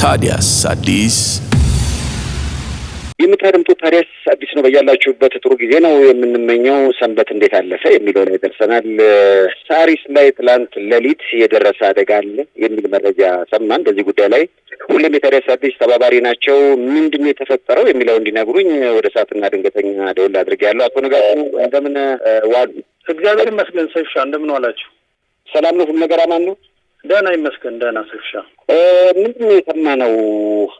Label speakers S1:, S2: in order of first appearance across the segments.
S1: ታዲያስ አዲስ
S2: የምታደምጡት ታዲያስ አዲስ ነው። በያላችሁበት ጥሩ ጊዜ ነው የምንመኘው። ሰንበት እንዴት አለፈ የሚለው ላይ ደርሰናል። ሳሪስ ላይ ትላንት ሌሊት የደረሰ አደጋ አለ የሚል መረጃ ሰማን። በዚህ ጉዳይ ላይ ሁሌም የታዲያስ አዲስ ተባባሪ ናቸው። ምንድን ነው የተፈጠረው የሚለው እንዲነግሩኝ ወደ ሰዓትና ድንገተኛ ደውል አድርጌያለሁ። አቶ ነጋቱ እንደምን ዋሉ?
S3: እግዚአብሔር ይመስገን። ሰይሻ እንደምን ዋላችሁ?
S2: ሰላም ነው? ሁሉ ነገር አማን ነው?
S3: ደህና ይመስገን። ደህና ስፍሻ
S2: ምንድን ነው የሰማነው?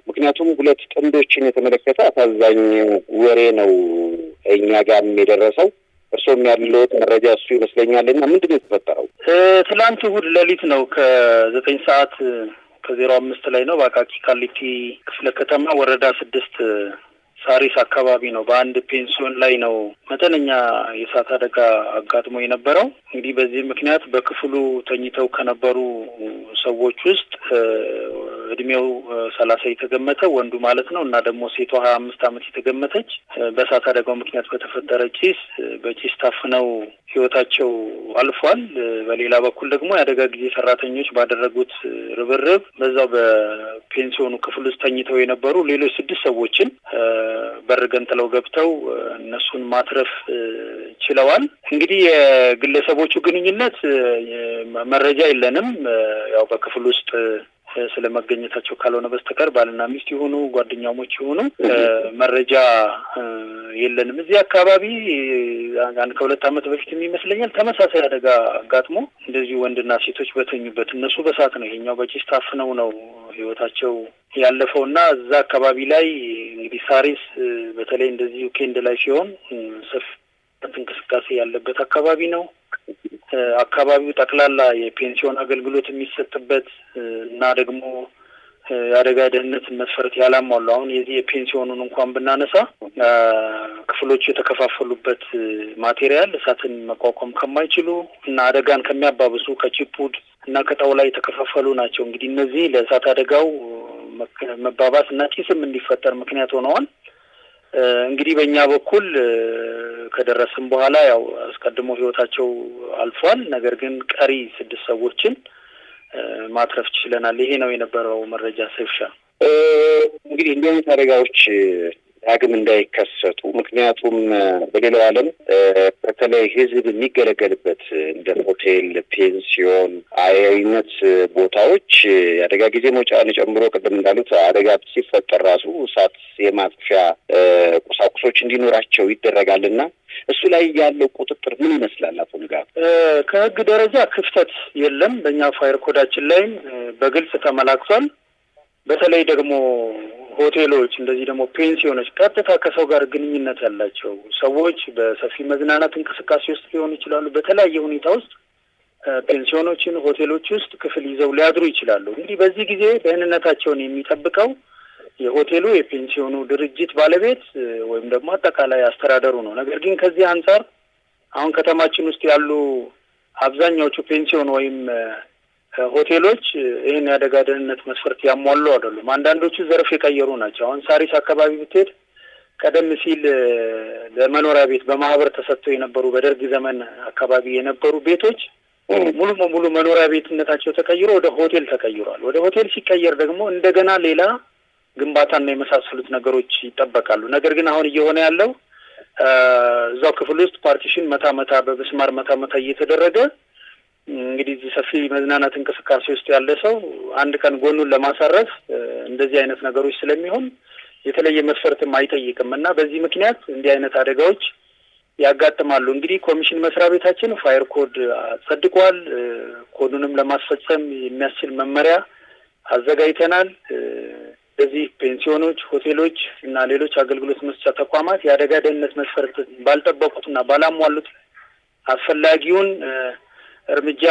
S2: ምክንያቱም ሁለት ጥንዶችን የተመለከተ አሳዛኝ ወሬ ነው እኛ ጋርም የደረሰው እርሶም ያለት መረጃ እሱ ይመስለኛል። እና ምንድን ነው የተፈጠረው?
S3: ትላንት እሁድ ሌሊት ነው ከዘጠኝ ሰዓት ከዜሮ አምስት ላይ ነው በአቃቂ ቃሊቲ ክፍለ ከተማ ወረዳ ስድስት ሳሪስ አካባቢ ነው። በአንድ ፔንሲዮን ላይ ነው መጠነኛ የእሳት አደጋ አጋጥሞ የነበረው። እንግዲህ በዚህ ምክንያት በክፍሉ ተኝተው ከነበሩ ሰዎች ውስጥ እድሜው ሰላሳ የተገመተ ወንዱ ማለት ነው እና ደግሞ ሴቷ ሀያ አምስት አመት የተገመተች በእሳት አደጋው ምክንያት በተፈጠረ ጭስ በጭስ ታፍነው ህይወታቸው አልፏል። በሌላ በኩል ደግሞ የአደጋ ጊዜ ሰራተኞች ባደረጉት ርብርብ በዛው በፔንሲዮኑ ክፍል ውስጥ ተኝተው የነበሩ ሌሎች ስድስት ሰዎችን በር ገንጥለው ገብተው እነሱን ማትረፍ ችለዋል። እንግዲህ የግለሰቦቹ ግንኙነት መረጃ የለንም። ያው በክፍል ውስጥ ስለመገኘታቸው ካልሆነ በስተቀር ባልና ሚስት የሆኑ ጓደኛሞች የሆኑ መረጃ የለንም። እዚህ አካባቢ አንድ ከሁለት ዓመት በፊት ይመስለኛል ተመሳሳይ አደጋ አጋጥሞ እንደዚሁ ወንድና ሴቶች በተኙበት እነሱ በሳት ነው ይሄኛው በጭስ ታፍነው ነው ህይወታቸው ያለፈው እና እዛ አካባቢ ላይ እንግዲህ ሳሪስ በተለይ እንደዚህ ኬንድ ላይ ሲሆን ሰፊ እንቅስቃሴ ያለበት አካባቢ ነው። አካባቢው ጠቅላላ የፔንሲዮን አገልግሎት የሚሰጥበት እና ደግሞ የአደጋ ደህንነት መስፈርት ያላሟሉ አሁን የዚህ የፔንሲዮኑን እንኳን ብናነሳ ክፍሎቹ የተከፋፈሉበት ማቴሪያል እሳትን መቋቋም ከማይችሉ እና አደጋን ከሚያባብሱ ከቺፑድ እና ከጣውላ የተከፋፈሉ ናቸው። እንግዲህ እነዚህ ለእሳት አደጋው መባባስ እና ጭስም እንዲፈጠር ምክንያት ሆነዋል። እንግዲህ በእኛ በኩል ከደረስም በኋላ ያው አስቀድሞ ህይወታቸው አልፏል። ነገር ግን ቀሪ ስድስት ሰዎችን ማትረፍ ችለናል። ይሄ ነው የነበረው መረጃ። ሰብሻ
S2: እንግዲህ እንዲህ አይነት አደጋዎች ዳግም እንዳይከሰቱ ምክንያቱም በሌላው ዓለም በተለይ ህዝብ የሚገለገልበት እንደ ሆቴል፣ ፔንሲዮን አይነት ቦታዎች የአደጋ ጊዜ መውጫን ጨምሮ ቅድም እንዳሉት አደጋ ሲፈጠር ራሱ እሳት የማጥፊያ ቁሳቁሶች እንዲኖራቸው ይደረጋልና እሱ ላይ ያለው ቁጥጥር ምን ይመስላል? አቶ ንጋቱ፣
S3: ከህግ ደረጃ ክፍተት የለም። በእኛ ፋይር ኮዳችን ላይም በግልጽ ተመላክቷል። በተለይ ደግሞ ሆቴሎች፣ እንደዚህ ደግሞ ፔንሲዮኖች፣ ቀጥታ ከሰው ጋር ግንኙነት ያላቸው ሰዎች በሰፊ መዝናናት እንቅስቃሴ ውስጥ ሊሆኑ ይችላሉ። በተለያየ ሁኔታ ውስጥ ፔንሲዮኖችን፣ ሆቴሎች ውስጥ ክፍል ይዘው ሊያድሩ ይችላሉ። እንግዲህ በዚህ ጊዜ ደህንነታቸውን የሚጠብቀው የሆቴሉ የፔንሲዮኑ ድርጅት ባለቤት ወይም ደግሞ አጠቃላይ አስተዳደሩ ነው። ነገር ግን ከዚህ አንጻር አሁን ከተማችን ውስጥ ያሉ አብዛኛዎቹ ፔንሲዮን ወይም ሆቴሎች ይህን የአደጋ ደህንነት መስፈርት ያሟሉ አይደሉም። አንዳንዶቹ ዘርፍ የቀየሩ ናቸው። አሁን ሳሪስ አካባቢ ብትሄድ ቀደም ሲል ለመኖሪያ ቤት በማህበር ተሰጥተው የነበሩ በደርግ ዘመን አካባቢ የነበሩ ቤቶች ሙሉ በሙሉ መኖሪያ ቤትነታቸው ተቀይሮ ወደ ሆቴል ተቀይሯል። ወደ ሆቴል ሲቀየር ደግሞ እንደገና ሌላ ግንባታና የመሳሰሉት ነገሮች ይጠበቃሉ። ነገር ግን አሁን እየሆነ ያለው እዛው ክፍል ውስጥ ፓርቲሽን መታ መታ በምስማር መታ መታ እየተደረገ እንግዲህ እዚህ ሰፊ መዝናናት እንቅስቃሴ ውስጥ ያለ ሰው አንድ ቀን ጎኑን ለማሳረፍ እንደዚህ አይነት ነገሮች ስለሚሆን የተለየ መስፈርትም አይጠይቅም እና በዚህ ምክንያት እንዲህ አይነት አደጋዎች ያጋጥማሉ። እንግዲህ ኮሚሽን መስሪያ ቤታችን ፋየር ኮድ ጸድቋል። ኮዱንም ለማስፈጸም የሚያስችል መመሪያ አዘጋጅተናል። በዚህ ፔንሲዮኖች፣ ሆቴሎች እና ሌሎች አገልግሎት መስጫ ተቋማት የአደጋ ደህንነት መስፈርት ባልጠበቁት እና ባላሟሉት አስፈላጊውን እርምጃ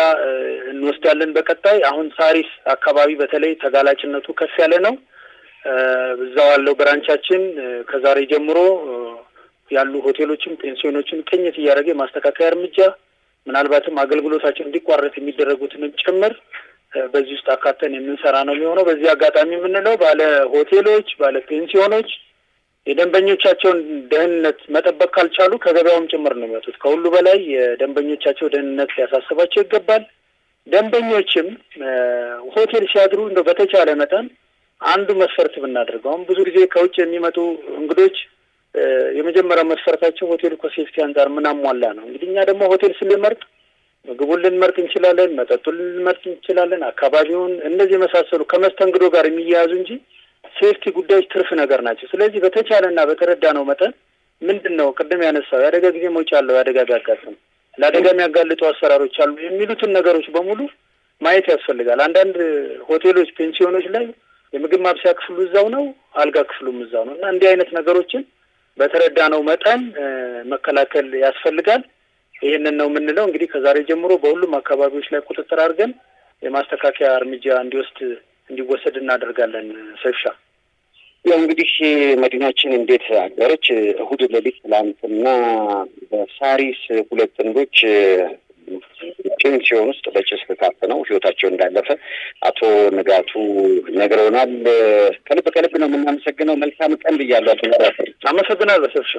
S3: እንወስዳለን። በቀጣይ አሁን ሳሪስ አካባቢ በተለይ ተጋላጭነቱ ከፍ ያለ ነው። እዛው ያለው ብራንቻችን ከዛሬ ጀምሮ ያሉ ሆቴሎችን፣ ፔንሲዮኖችን ቅኝት እያደረገ የማስተካከያ እርምጃ ምናልባትም አገልግሎታችን እንዲቋረጥ የሚደረጉትንም ጭምር በዚህ ውስጥ አካተን የምንሰራ ነው የሚሆነው። በዚህ አጋጣሚ የምንለው ባለ ሆቴሎች፣ ባለ ፔንሲዮኖች የደንበኞቻቸውን ደህንነት መጠበቅ ካልቻሉ ከገበያውም ጭምር ነው የሚወጡት። ከሁሉ በላይ የደንበኞቻቸው ደህንነት ሊያሳስባቸው ይገባል። ደንበኞችም ሆቴል ሲያድሩ እንደ በተቻለ መጠን አንዱ መስፈርት ብናደርገው አሁን ብዙ ጊዜ ከውጭ የሚመጡ እንግዶች የመጀመሪያ መስፈርታቸው ሆቴሉ ከሴፍቲ አንጻር ምን አሟላ ነው። እንግዲህ እኛ ደግሞ ሆቴል ስንመርጥ ምግቡን ልንመርጥ እንችላለን፣ መጠጡን ልንመርጥ እንችላለን፣ አካባቢውን፣ እነዚህ የመሳሰሉ ከመስተንግዶ ጋር የሚያያዙ እንጂ ሴፍቲ ጉዳዮች ትርፍ ነገር ናቸው። ስለዚህ በተቻለና በተረዳ ነው መጠን ምንድን ነው ቅድም ያነሳው የአደጋ ጊዜ መውጫ አለው፣ የአደጋ ቢያጋጥም ለአደጋ የሚያጋልጡ አሰራሮች አሉ የሚሉትን ነገሮች በሙሉ ማየት ያስፈልጋል። አንዳንድ ሆቴሎች፣ ፔንሲዮኖች ላይ የምግብ ማብሰያ ክፍሉ እዛው ነው፣ አልጋ ክፍሉም እዛው ነው እና እንዲህ አይነት ነገሮችን በተረዳ ነው መጠን መከላከል ያስፈልጋል። ይህንን ነው የምንለው። እንግዲህ ከዛሬ ጀምሮ በሁሉም አካባቢዎች ላይ ቁጥጥር አድርገን የማስተካከያ እርምጃ እንዲወስድ እንዲወሰድ እናደርጋለን። ሰይፍሻ
S2: ያው እንግዲህ መዲናችን እንዴት አገረች? እሁድ ሌሊት ትላንትና በሳሪስ ሁለት ጥንዶች ጭን ሲሆን ውስጥ በጭስ ነው ህይወታቸው እንዳለፈ አቶ ንጋቱ ነግረውናል። ከልብ ከልብ ነው የምናመሰግነው። መልካም ቀን ብያለሁ።
S3: አመሰግናለሁ ሰብሻ